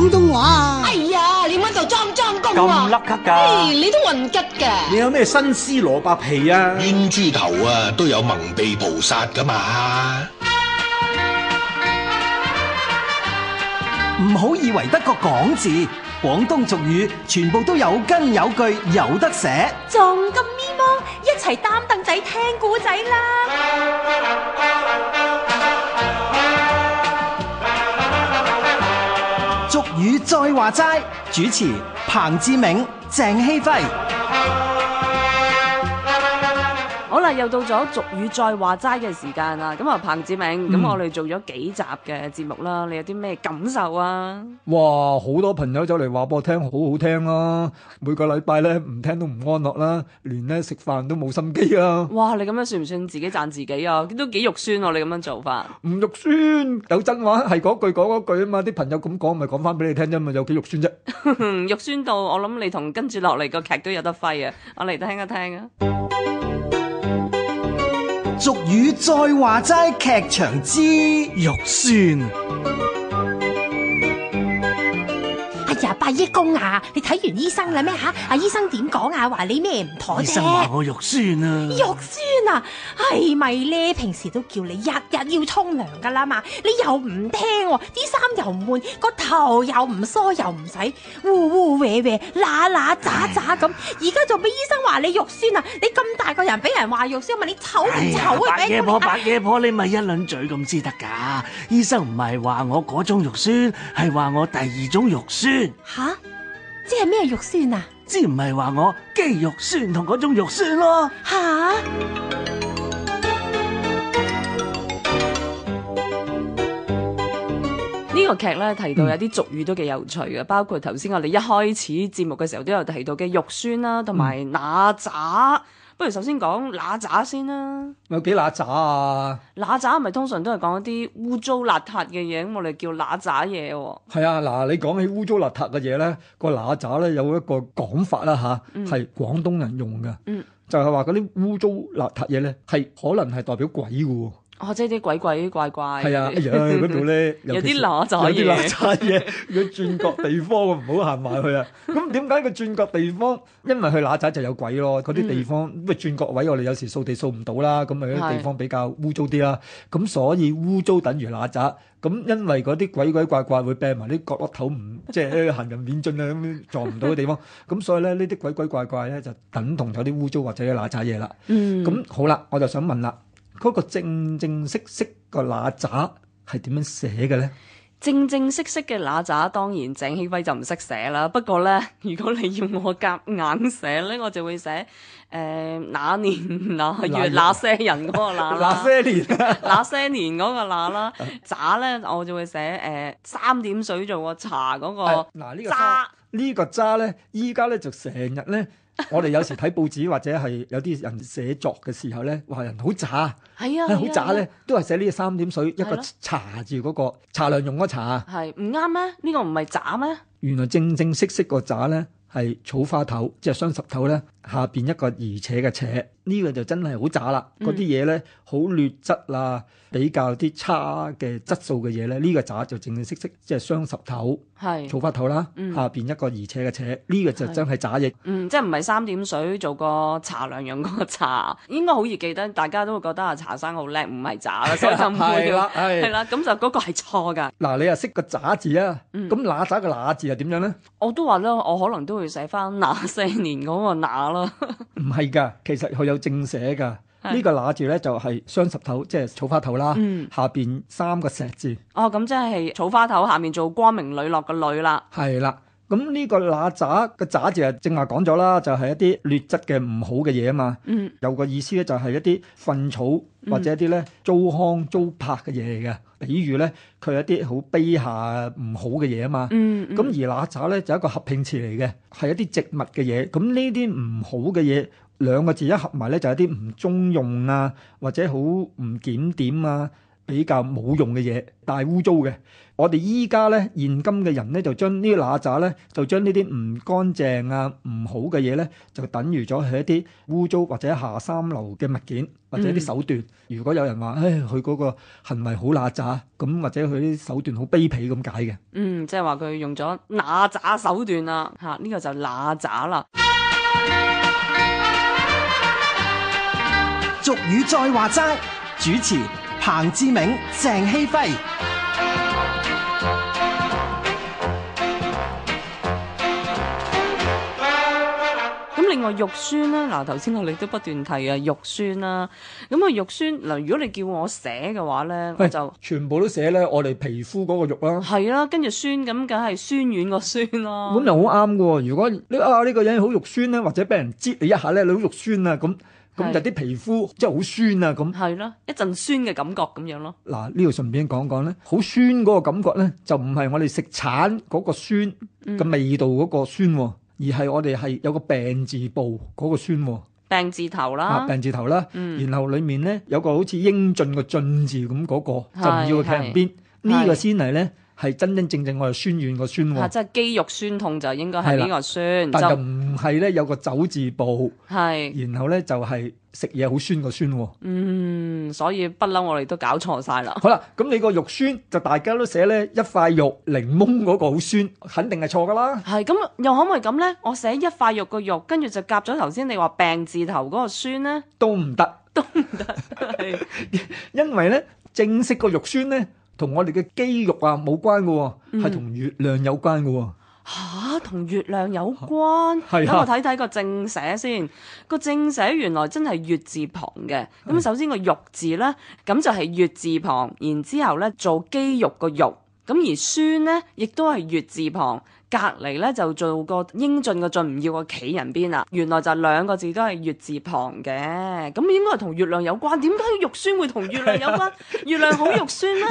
廣東話啊！哎呀，你搵到裝裝工啊！咁甩咳噶，你都混吉噶！你有咩新絲蘿蔔皮啊？冤豬頭啊，都有盟鼻菩薩噶嘛！唔好以為得個講字，廣東俗語全部都有根有據有得寫。仲咁咪摩？一齊擔凳仔聽古仔啦！俗語再話齋，主持彭志銘、鄭希輝。好啦，又到咗俗語再話齋嘅時間啦。咁啊，彭子明，咁我哋做咗幾集嘅節目啦，你有啲咩感受啊？哇，好多朋友走嚟話俾我聽，好好聽啊。每個禮拜咧，唔聽都唔安樂啦，連咧食飯都冇心機啊。哇，你咁樣算唔算自己讚自己啊？都幾肉酸哦，你咁樣做法。唔肉酸，有真話係嗰句講嗰句啊嘛。啲朋友咁講，咪講翻俾你聽啫嘛。有幾肉酸啫？肉酸到我諗你同跟住落嚟個劇都有得揮啊！我嚟聽一聽啊。俗語再話齋，劇場之肉酸。阿益公啊，你睇完醫生啦咩吓？阿醫生點講啊？話你咩唔妥啫？醫生話、啊、我肉酸啊，肉酸啊，係咪咧？平時都叫你日日要沖涼噶啦嘛，你又唔聽、啊，啲衫又唔換，個頭又唔梳，又唔使，嗚嗚歪歪，啦啦喳喳咁，而家仲俾醫生話你肉酸啊？你咁大個人俾人話肉酸，問你醜唔醜啊？哎、白野婆，白野婆，婆你，啊、你一咪一輪嘴咁知得噶？醫生唔係話我嗰種肉酸，係話我第二種肉酸。吓，即係咩肉酸啊？即唔係話我肌肉酸同嗰種肉酸咯。吓，呢個劇咧提到有啲俗語都幾有趣嘅，包括頭先我哋一開始節目嘅時候都有提到嘅肉酸啦，同埋哪吒。不如首先講乸喳先啦。有幾乸喳啊！乸喳係咪通常都係講一啲污糟邋遢嘅嘢，咁我哋叫乸喳嘢喎。係啊，嗱，你講起污糟邋遢嘅嘢咧，個乸喳咧有一個講法啦吓，係廣東人用嘅，就係話嗰啲污糟邋遢嘢咧，係可能係代表鬼嘅。哦，即係啲鬼鬼怪怪。係啊，阿楊去嗰度咧，有啲邋遢嘢，有啲邋遢嘢。如果轉角地方，唔好行埋去啊！咁點解個轉角地方？因為去邋遢就有鬼咯，嗰啲地方咪轉角位，我哋有時掃地掃唔到啦，咁咪啲地方比較污糟啲啦。咁所以污糟等於邋遢。咁因為嗰啲鬼鬼怪怪會病埋啲角落頭，唔即係行人免進啊，咁撞唔到嘅地方。咁所以咧，呢啲鬼鬼怪怪咧就等同咗啲污糟或者啲邋遢嘢啦。嗯。咁好啦，我就想問啦。嗰個正正式式個乸喳係點樣寫嘅咧？正正式式嘅乸喳當然鄭熙輝就唔識寫啦。不過咧，如果你要我夾硬寫咧，我就會寫誒那年那月那些人嗰個那啦。那些年，那些年嗰個那啦？渣咧？我就會寫誒三點水做個茶嗰個嗱，呢個渣，呢個渣咧，依家咧就成日咧。 我哋有時睇報紙或者係有啲人寫作嘅時候咧，話人好渣啊，係好渣咧，啊啊、都係寫啲三點水、啊、一個茶住、嗰、嗰個茶量用咗茶啊，係唔啱咩？呢、呢個唔係渣咩？原來正正式式個渣咧係草花頭，即係雙十頭咧。下邊一個而且嘅且，呢個就真係好渣啦！嗰啲嘢咧，好劣質啦，比較啲差嘅質素嘅嘢咧，呢個渣就正正式式，即係雙十頭，係草花頭啦。下邊一個而且嘅且，呢個就真係渣嘢。嗯，即係唔係三點水做個茶兩樣個茶，應該好易記得，大家都會覺得啊茶生好叻，唔係渣啦，所以就唔會。係啦，係啦，咁就嗰個係錯㗎。嗱，你又識個渣字啊？咁哪渣嘅哪字係點樣咧？我都話咧，我可能都會寫翻哪四年嗰個哪咯。唔係噶，其實佢有正寫噶，呢個乸字咧就係雙十頭，即係草花頭啦。嗯，下邊三個石字。哦，咁即係草花頭下面做光明磊落嘅磊啦。係啦。咁呢、嗯嗯、個乸渣個渣字啊，正話講咗啦，就係、是、一啲劣質嘅唔好嘅嘢啊嘛。嗯、有個意思咧，就係一啲糞草或者一啲咧糟糠糟粕嘅嘢嚟嘅。比如咧，佢係一啲好卑下唔好嘅嘢啊嘛。咁、嗯嗯、而乸渣咧就是、一個合拼詞嚟嘅，係一啲植物嘅嘢。咁呢啲唔好嘅嘢兩個字一合埋咧，就係一啲唔中用啊，或者好唔檢點啊。比較冇用嘅嘢，大污糟嘅。我哋依家咧現今嘅人咧，就將呢啲乸吒咧，就將呢啲唔乾淨啊、唔好嘅嘢咧，就等於咗係一啲污糟或者下三流嘅物件或者啲手段。嗯、如果有人話，唉，佢嗰個行為好乸吒咁，或者佢啲手段好卑鄙咁解嘅。嗯，即係話佢用咗乸吒手段啦，吓、啊，呢、呢個就乸吒啦。俗語再話齋主持。彭志銘、鄭希輝，咁另外肉酸咧，嗱頭先我哋都不斷提啊肉酸啦，咁啊肉酸嗱，如果你叫我寫嘅話咧，喂我就全部都寫咧我哋皮膚嗰個肉啦，係啦、啊，跟住酸咁梗係酸軟個酸啦、啊，咁又好啱嘅。如果你啊呢、這個人好肉酸咧，或者俾人擠你一下咧，你好肉酸啊咁。咁就啲皮膚的即係好酸啊！咁係咯，一陣酸嘅感覺咁樣咯。嗱，呢度順便講講咧，好酸嗰個感覺咧，就唔係我哋食橙嗰個酸嘅味道嗰個酸，嗯、而係我哋係有個病字部嗰個酸病、啊。病字頭啦，病字頭啦，然後裡面咧有個好似英俊嘅俊字咁、那、嗰個，就唔要佢企人邊。個呢個先嚟咧。係真真正正我係酸軟個酸喎、啊啊，即係肌肉酸痛就應該係呢個酸，但就唔係咧有個走字部，係，然後咧就係食嘢好酸個酸、啊，嗯，所以不嬲我哋都搞錯晒啦。好啦，咁你個肉酸就大家都寫咧一塊肉檸檬嗰個好酸，肯定係錯噶啦。係咁又可唔可以咁咧？我寫一塊肉個肉，跟住就夾咗頭先你話病字頭嗰個酸咧，都唔得，都唔得，因為咧正式個肉酸咧，同我哋嘅肌肉啊冇關嘅喎，係同、嗯、月亮有關嘅喎。嚇、啊，同月亮有關？咁、啊、我睇睇個正寫先。個正寫原來真係月字旁嘅。咁的首先個肉字咧，咁就係月字旁。然之後咧做肌肉個肉，咁而酸咧亦都係月字旁。隔籬咧就做個英俊嘅俊，唔要個企人邊啊！原來就兩個字都係月字旁嘅，咁、嗯、應該係同月亮有關。點解肉酸會同月亮有關？月亮好肉酸咧？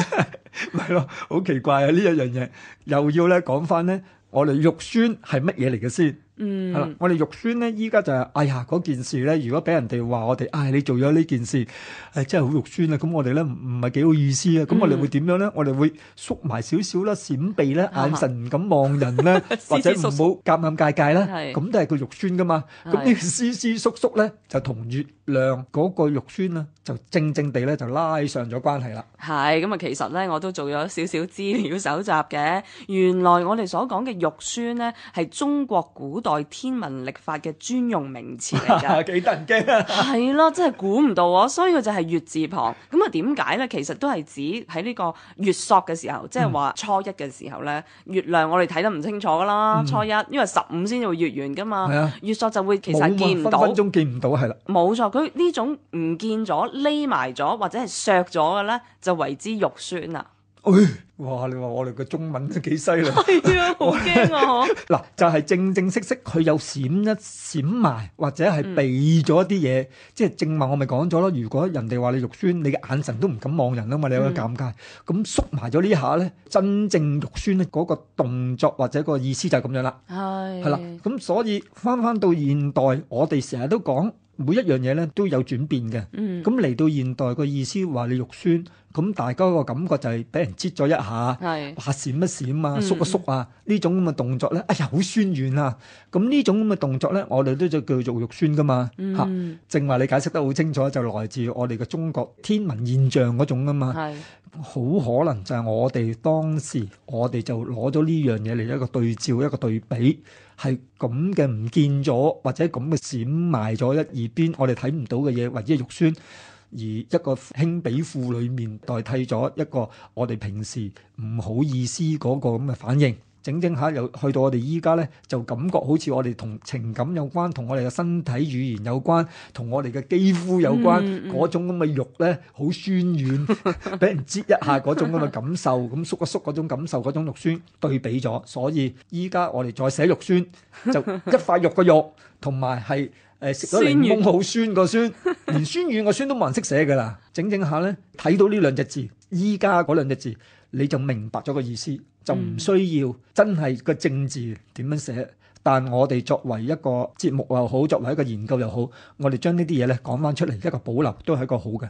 係咯， 好奇怪啊！呢一樣嘢又要咧講翻咧，我哋肉酸係乜嘢嚟嘅先？嗯，係啦，我哋肉酸咧，依家就係，哎呀嗰件事咧，如果俾人哋話我哋，哎你做咗呢件事，係真係好肉酸啊，咁我哋咧唔唔係幾好意思啊，咁我哋會點樣咧？我哋會縮埋少少啦，閃避咧，眼神咁望人咧，或者唔好尷尷尬尬咧，咁都係個肉酸噶嘛。咁呢個思思縮縮咧，就同月亮嗰個肉酸啊，就正正地咧就拉上咗關係啦。係，咁啊其實咧我都做咗少少資料搜集嘅，原來我哋所講嘅肉酸咧係中國古代代天文曆法嘅專用名詞嚟噶，幾得人驚啊！係咯，真係估唔到啊！所以佢就係月字旁。咁啊，點解咧？其實都係指喺呢個月朔嘅時候，即係話初一嘅時候咧，月亮我哋睇得唔清楚噶啦。嗯、初一，因為十五先至會月圓噶嘛。係啊、嗯，月朔就會其實、啊、見唔到，分分鐘見唔到係啦。冇錯，佢呢種唔見咗、匿埋咗或者係削咗嘅咧，就為之肉酸啦！誒，哇！你話我哋個中文都幾犀利，好驚啊！嗬嗱，就係正正式式，佢有閃一閃埋，或者係避咗一啲嘢，即係正話我咪講咗咯。如果人哋話你肉酸，你嘅眼神都唔敢望人啊嘛，你有個尷尬。咁縮埋咗呢下咧，真正肉酸咧嗰個動作或者個意思就係咁樣啦，係係啦。咁所以翻翻到現代，我哋成日都講。每一樣嘢咧都有轉變嘅，咁嚟、嗯、到現代個意思話你肉酸，咁大家個感覺就係俾人擠咗一下，話是閃一閃啊，縮一縮啊，呢種咁嘅動作咧，哎呀好酸軟啊，咁呢種咁嘅動作咧，我哋都就叫做肉酸㗎嘛，嚇、嗯，正話、啊、你解釋得好清楚，就來自我哋嘅中國天文現象嗰種啊嘛，好是可能就係我哋當時我哋就攞咗呢樣嘢嚟一個對照一個對比。係咁嘅唔見咗，或者咁嘅閃埋咗一耳邊，我哋睇唔到嘅嘢，或者肉酸，而一個輕比庫裏面代替咗一個我哋平時唔好意思嗰個咁嘅反應。整整下又去到我哋依家咧，就感覺好似我哋同情感有關，同我哋嘅身體語言有關，同我哋嘅肌膚有關，嗰、嗯、種咁嘅肉咧，好酸軟，俾 人擠一下嗰種咁嘅感受，咁縮一縮嗰種感受，嗰種肉酸對比咗，所以依家我哋再寫肉酸，就一塊肉嘅肉，同埋係誒食咗檸檬好酸個酸，連酸軟個酸都冇人識寫噶啦。整整下咧，睇到呢兩隻字，依家嗰兩隻字。你就明白咗個意思，就唔需要真係個正字點樣寫。但我哋作為一個節目又好，作為一個研究又好，我哋將呢啲嘢咧講翻出嚟，一個保留都係一個好嘅。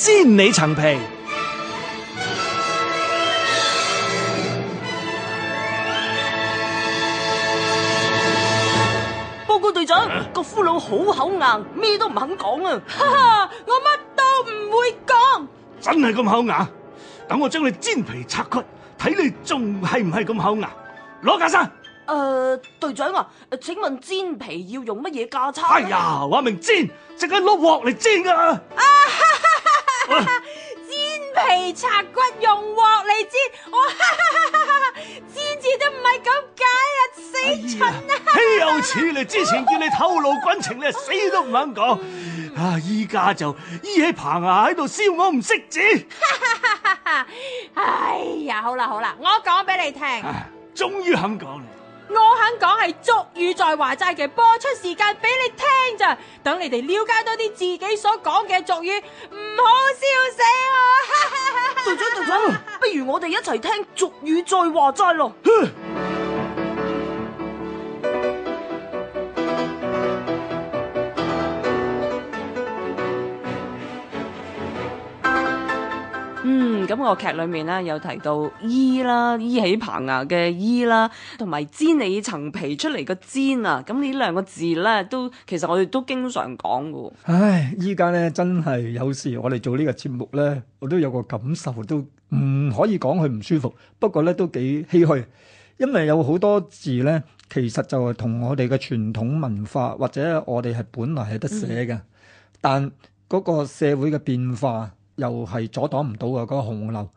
煎你層皮，報告隊長，啊、個俘虜好口硬，咩都唔肯講啊！哈 哈，我乜都唔會講，真係咁口硬。等我將你煎皮拆骨，睇你仲係唔係咁口硬？攞架生，誒、呃，隊長啊，請問煎皮要用乜嘢架撐？哎呀，話明煎，淨係攞鑊嚟煎㗎！啊啊、煎皮擦骨用鑊嚟煎，哇，煎字都唔係咁解啊！死蠢啊！豈 有此理！之前叫你透露軍情咧，你死都唔肯講。嗯、啊！依家就依起棚牙喺度燒我唔識字。哈哈哈哈哈！哎呀！好啦好啦，我講俾你聽。終於肯講我肯講係俗語再話齋嘅播出時間俾你聽咋，等你哋了解多啲自己所講嘅俗語，唔好笑死我！隊 長，隊長， 不如我哋一齊聽俗語再話齋咯。 咁個劇裏面咧，有提到醫啦、醫起棚牙嘅醫啦，同埋煎你層皮出嚟嘅煎啊。咁呢兩個字咧，都其實我哋都經常講嘅。唉，依家咧真係有時我哋做呢個節目咧，我都有個感受，都唔可以講佢唔舒服。不過咧，都幾唏噓，因為有好多字咧，其實就係同我哋嘅傳統文化或者我哋係本來係得寫嘅，嗯、但嗰個社會嘅變化。又係阻擋唔到嘅嗰個洪流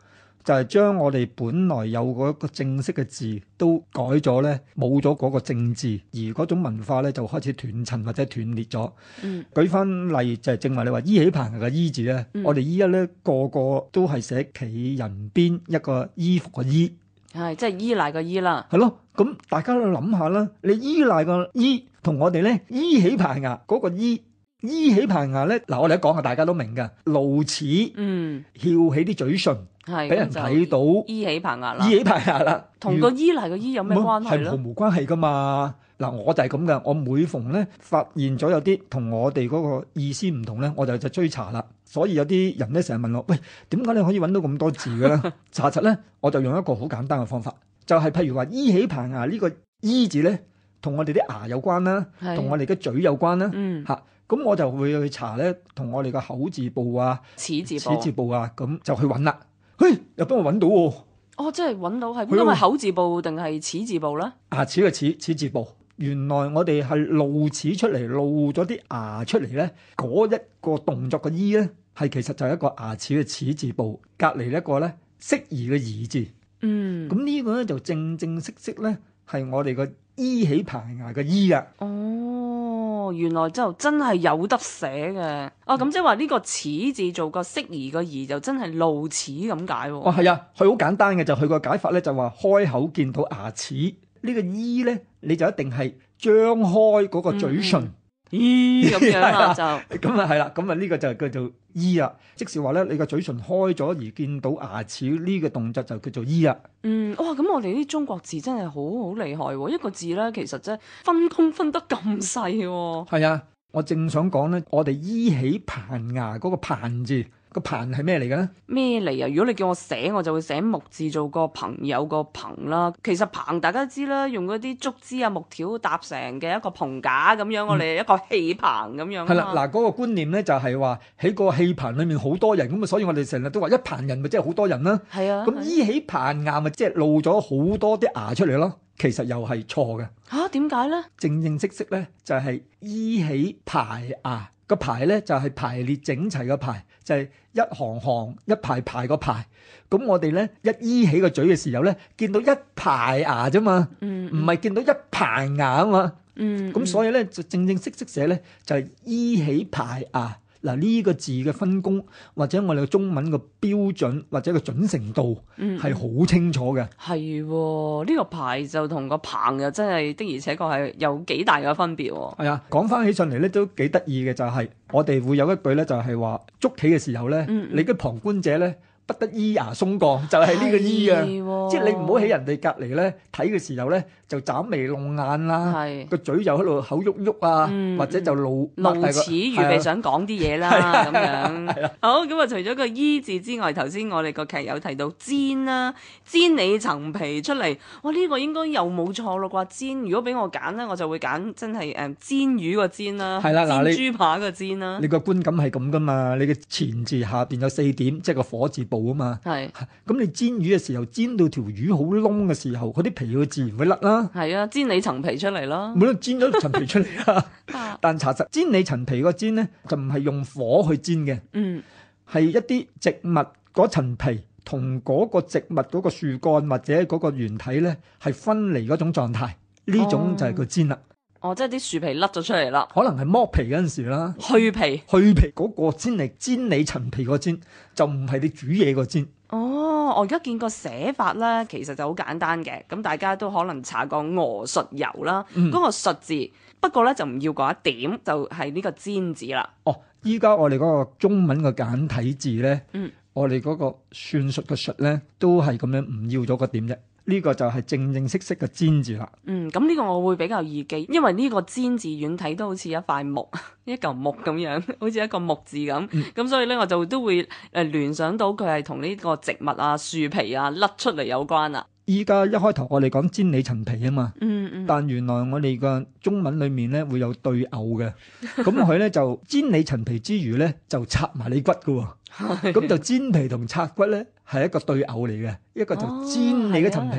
就係、是、將我哋本來有嗰個正式嘅字都改咗咧，冇咗嗰個正字，而嗰種文化咧就開始斷層或者斷裂咗。嗯、舉翻例就係正話你話依起棚牙嘅依字咧，嗯、我哋依家咧個個都係寫企人邊一個衣服嘅依，係即係依賴嘅依啦。係咯，咁大家都諗下啦，你依賴個依同我哋咧依起棚牙嗰個依。依起棚牙咧嗱，我哋一講啊，大家都明噶。露齒，嗯，翹起啲嘴唇，係俾是人睇到。依起棚牙啦，依起棚牙啦，同個依嚟個依有咩關係咧？係毫無，無關係噶嘛。嗱，我就係咁噶。我每逢咧發現咗有啲同我哋嗰個意思唔同咧，我就就追查啦。所以有啲人咧成日問我：喂，點解你可以揾到咁多字嘅咧？查實咧，我就用一個好簡單嘅方法，就係、是、譬如話依起棚牙呢個依字咧，同我哋啲牙有關啦，同我哋嘅嘴有關啦，的嗯，嚇。咁我就會去查咧，同我哋個口字部啊、齒字部啊，咁、啊、就去揾啦。嘿、哎，又幫我揾到喎、啊！哦，即係揾到係，咁因為口字部定係齒字部咧？牙齒嘅齒，齒字部。原來我哋係露齒出嚟，露咗啲牙出嚟咧。嗰一個動作嘅依咧，係其實就係一個牙齒嘅齒字部，隔籬一個咧，適宜嘅宜字。嗯。咁呢個咧就正正式式咧，係我哋個依起棚牙嘅依啊。哦。哦，原來就真係有得寫嘅。哦，咁即係話呢個齒字做個適宜個宜就真係露齒咁解喎。哦，係啊，佢好簡單嘅，就佢個解法咧，就話開口見到牙齒，這個 e、呢個宜咧你就一定係張開嗰個嘴唇。嗯。咦咁樣啦就咁啊係啦咁啊呢個就叫做醫啊，即使話咧你個嘴唇開咗而見到牙齒呢個動作就叫做醫啊。嗯，哇咁我哋啲中國字真係好好厲害、哦，一個字咧其實真分工分得咁細、哦。係啊、 嗯，我正想講咧，我哋醫起棚牙嗰個棚字。個棚係咩嚟噶？咩嚟啊？如果你叫我寫，我就會寫木字做個朋友個棚啦。其實棚大家知啦，用嗰啲竹枝啊木條搭成嘅一個棚架咁樣，我哋一個氣棚咁樣係啦。嗱，嗰個觀念咧就係話喺個氣棚裏面好多人咁啊，所以我哋成日都話一棚人咪即係好多人啦。係啊，咁依起棚牙咪即係露咗好多啲牙出嚟咯。其實又係錯嘅吓，點解咧？正正式式咧就係依起排牙個排咧就係排列整齊個排。就係一行行一排排個排，咁我哋咧一依起個嘴嘅時候咧，見到一排牙啫嘛，唔係、嗯嗯、見到一排牙啊嘛，咁、嗯嗯、所以咧就正正式式寫咧就係依起排牙。嗱呢個字嘅分工，或者我哋嘅中文嘅標準，或者個準成度，係好、嗯、清楚嘅。係喎，呢、這個牌就同個棚又真係的而且確係有幾大嘅分別。係啊，講翻起上嚟咧都幾得意嘅就係、是，我哋會有一句咧就係話，捉棋嘅時候咧，嗯、你嘅旁觀者咧不得依牙鬆槓，就係、是、呢個依啊，的即係你唔好喺人哋隔離咧睇嘅時候咧。就眨眉弄眼啦、啊，個是嘴又喺度口喐喐啊，嗯、或者就露露齒預備想講啲嘢啦，咁的樣。好，咁啊除咗個“伊、e ”字之外，頭先我哋個劇友提到煎啦、啊，煎你層皮出嚟，哇呢、這個應該又冇錯咯啩？煎如果俾我揀咧，我就會揀真係誒、嗯、煎魚個煎啦、啊，的煎豬扒個煎啦、啊。你個觀感係咁噶嘛？你嘅前字下邊有四點，即係個火字部啊嘛。係的，咁你煎魚嘅時候，煎到條魚好㶶嘅時候，嗰啲皮佢自然會甩啦。係啊，煎你層皮出嚟咯，無論煎咗層皮出嚟啊。但查實煎你層皮個煎咧，就唔係用火去煎嘅，嗯，係一啲植物嗰層皮同嗰個植物嗰個樹幹或者嗰個原體咧，係分離嗰種狀態，呢種就係個煎啦。哦，即係啲樹皮甩咗出嚟啦，可能係剝皮嗰陣時啦，去皮，去皮嗰個煎嚟煎你層皮個煎就唔係你煮嘢個煎。煎哦，我而家見個寫法咧，其實就好簡單嘅，咁大家都可能查過俄術油啦，嗰、嗯、個術字，不過咧就唔要嗰一點，就係、是、呢個尖字啦。哦，依家我哋嗰個中文嘅簡體字咧，嗯、我哋嗰個算術嘅術咧，都係咁樣唔要咗個點啫。呢個就係正正式式嘅煎字啦。嗯，咁、這、呢個我會比較易記，因為呢個煎字遠睇都好似一塊木、一嚿木咁樣，好似一個木字咁。咁、嗯、所以咧，我就都會誒聯想到佢係同呢個植物啊、樹皮啊甩出嚟有關啦。依家一開頭我哋講煎你陳皮啊嘛，嗯嗯，嗯但原來我哋個中文裡面咧會有對偶嘅，咁佢咧就煎你陳皮之餘咧就拆埋你骨嘅喎。咁就煎皮同拆骨咧，係一個對偶嚟嘅。一個就煎你嘅層皮，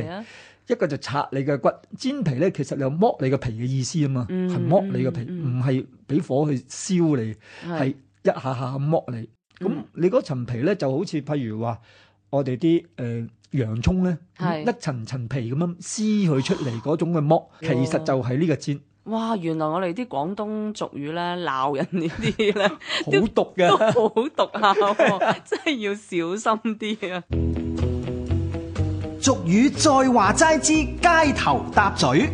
一個就拆你嘅骨。煎皮咧，其實有剝你嘅皮嘅意思啊嘛，係剝你嘅皮，唔係俾火去燒你，係一下下剝你。咁你嗰層皮咧，就好似譬如話我哋啲誒洋葱咧，一層層皮咁樣撕佢出嚟嗰種嘅剝，其實就係呢個煎。哇！原來我哋啲廣東俗語咧，鬧人呢啲咧， 很毒的笑好毒嘅、哦，好毒啊，真係要小心啲啊！俗語再話齋之街頭搭嘴。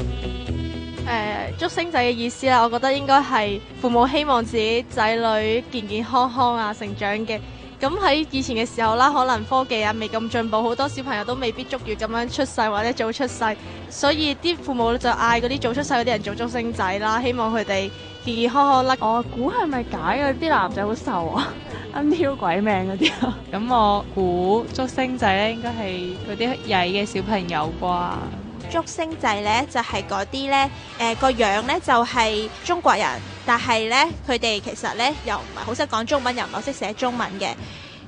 誒、呃，祝星仔嘅意思啦，我覺得應該係父母希望自己仔女健健康康啊成長嘅。咁喺以前嘅時候啦，可能科技啊未咁進步，好多小朋友都未必足月咁樣出世或者早出世，所以啲父母就嗌嗰啲早出世嗰啲人做足星仔啦，希望佢哋健健康康啦。我估係咪假啊？啲男 仔好瘦啊，奀挑鬼命嗰啲啊。咁我估足星仔咧應該係嗰啲曳嘅小朋友啩。竹升仔呢，就係嗰啲呢誒個、呃、樣呢，就係、是、中國人，但係呢，佢哋其實呢，又唔係好識講中文，又唔係好識寫中文嘅。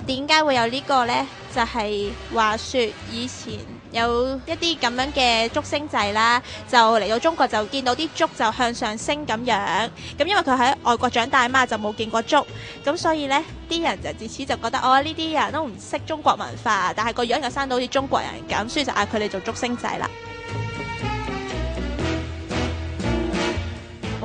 點解會有呢個呢？就係、是、話説以前有一啲咁樣嘅竹升仔啦，就嚟到中國就見到啲竹就向上升咁樣咁，因為佢喺外國長大嘛，就冇見過竹咁，所以呢啲人就自此就覺得哦，呢啲人都唔識中國文化，但係個樣又生到好似中國人咁，所以就嗌佢哋做竹升仔啦。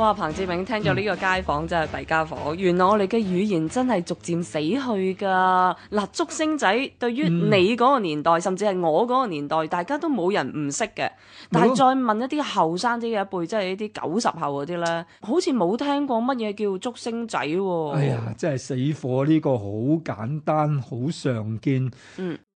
哇！彭志銘聽咗呢個街訪、嗯、真係弊家伙，原來我哋嘅語言真係逐漸死去噶。嗱、啊，竹升仔對於你嗰個年代，嗯、甚至係我嗰個年代，大家都冇人唔識嘅。但係再問一啲後生啲嘅一輩，即係呢啲九十後嗰啲咧，好似冇聽過乜嘢叫竹升仔、哦。哎呀，真係死火！呢、這個好簡單、好常見、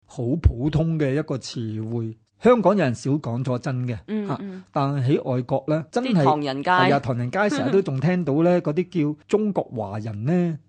好、嗯、普通嘅一個詞彙。香港人少講咗真嘅，嗯嗯、但喺外國咧真係唐人街，係啊，唐人街成日都仲聽到咧嗰啲叫中國華人咧。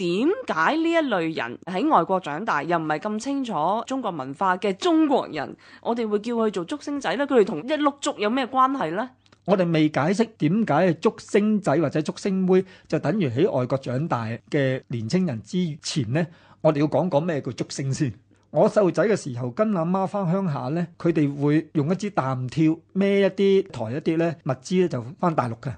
點解呢一類人喺外國長大又唔係咁清楚中國文化嘅中國人，我哋會叫佢做竹升仔咧？佢哋同一碌竹有咩關係咧？我哋未解釋點解竹升仔或者竹升妹就等於喺外國長大嘅年青人之前咧，我哋要講講咩叫竹升先。我細路仔嘅時候跟阿媽翻鄉下咧，佢哋會用一支擔挑孭一啲抬一啲咧物資咧，就翻大陸嘅。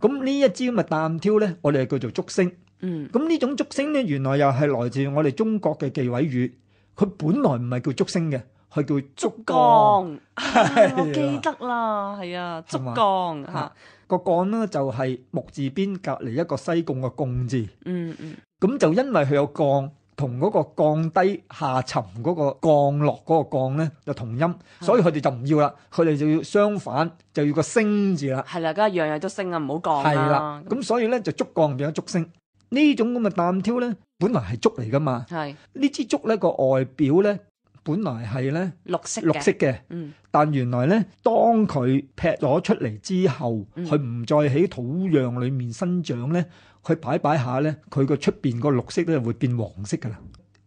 咁呢一支咁嘅擔挑咧，我哋係叫做竹升。嗯，咁呢種竹升咧，原來又係來自我哋中國嘅忌諱語，佢本來唔係叫竹升嘅，係叫竹槓。我記得啦，係啊，竹槓吓，個槓咧，就係木字邊隔籬一個西貢嘅貢字。嗯嗯，咁就因為佢有槓同嗰個降低下沉嗰個降落嗰個降咧就同音，所以佢哋就唔要啦，佢哋就要相反，就要個升字啦。係啦，梗係樣樣都升啊，唔好降啦。咁所以咧就竹槓變咗竹升。呢種咁嘅擔挑咧，本來係竹嚟噶嘛。係是。呢支竹咧個外表咧，本來係咧綠色綠色嘅。嗯。但原來咧，當佢劈咗出嚟之後，佢唔再喺土壤裏面生長咧，佢擺擺下咧，佢個出邊個綠色咧會變黃色噶啦。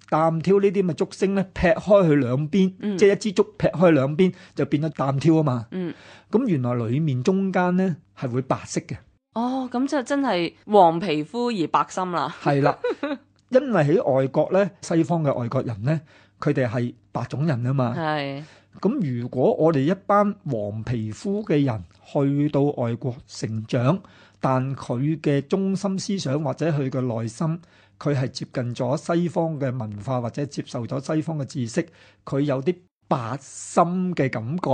擔挑呢啲咁嘅竹莖咧，劈開佢兩邊，嗯、即係一支竹劈開兩邊就變咗擔挑啊嘛。嗯。咁原來裏面中間咧係會白色嘅。哦，咁就真係黃皮膚而白心啦。係 啦，因為喺外國咧，西方嘅外國人咧，佢哋係白種人啊嘛。係的，咁如果我哋一班黃皮膚嘅人去到外國成長，但佢嘅中心思想或者佢嘅內心，佢係接近咗西方嘅文化或者接受咗西方嘅知識，佢有啲。白心嘅感覺，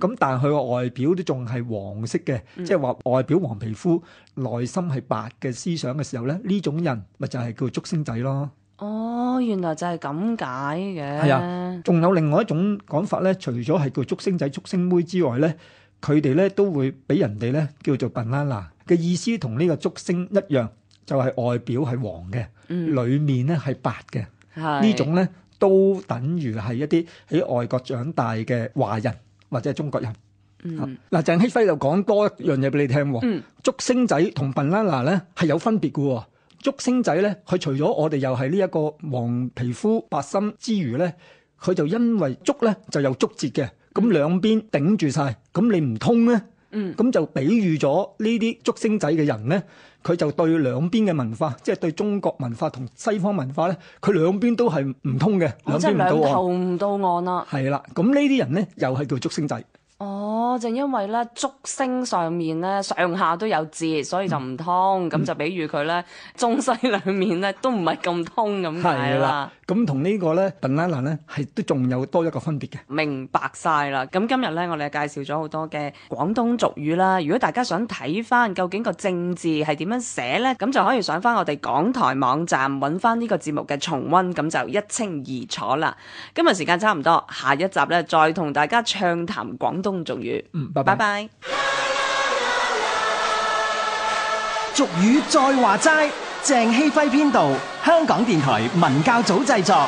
咁但係佢個外表都仲係黃色嘅，即係話外表黃皮膚，內心係白嘅思想嘅時候咧，呢種人咪就係叫竹升仔咯。哦，原來就係咁解嘅。係啊，仲有另外一種講法咧，除咗係叫竹升仔、竹升妹之外咧，佢哋咧都會俾人哋咧叫做 Banana 嘅意思，同呢個竹升一樣，就係外表係黃嘅，裏面咧係白嘅，呢種咧。都等於係一啲喺外國長大嘅華人或者中國人。嗱，鄭希輝就講多一樣嘢俾你聽。竹升仔同笨拉拿咧係有分別嘅。竹升仔咧，佢除咗我哋又係呢一個黃皮膚白心之餘咧，佢就因為竹咧就有竹節嘅，咁兩邊頂住曬，咁你唔通咧？嗯，咁就比喻咗呢啲竹升仔嘅人咧，佢就對兩邊嘅文化，即、就、係、是、對中國文化同西方文化咧，佢兩邊都係唔通嘅，嗯、兩邊唔到岸。係啦、啊，咁呢啲人咧又係叫竹升仔。哦，正因為咧竹升上面咧上下都有節，所以就唔通。咁、嗯、就比喻佢咧中西兩面咧都唔係咁通咁嘅啦。咁同呢個咧 banana 咧係都仲有多一個分別嘅。明白晒啦。咁今日咧我哋介紹咗好多嘅廣東俗語啦。如果大家想睇翻究竟個正字係點樣寫咧，咁就可以上翻我哋港台網站揾翻呢個節目嘅重温，咁就一清二楚啦。今日時間差唔多，下一集咧再同大家暢談廣東俗語，嗯，拜拜拜。俗語再話齋，鄭希輝編導，香港電台文教組製作。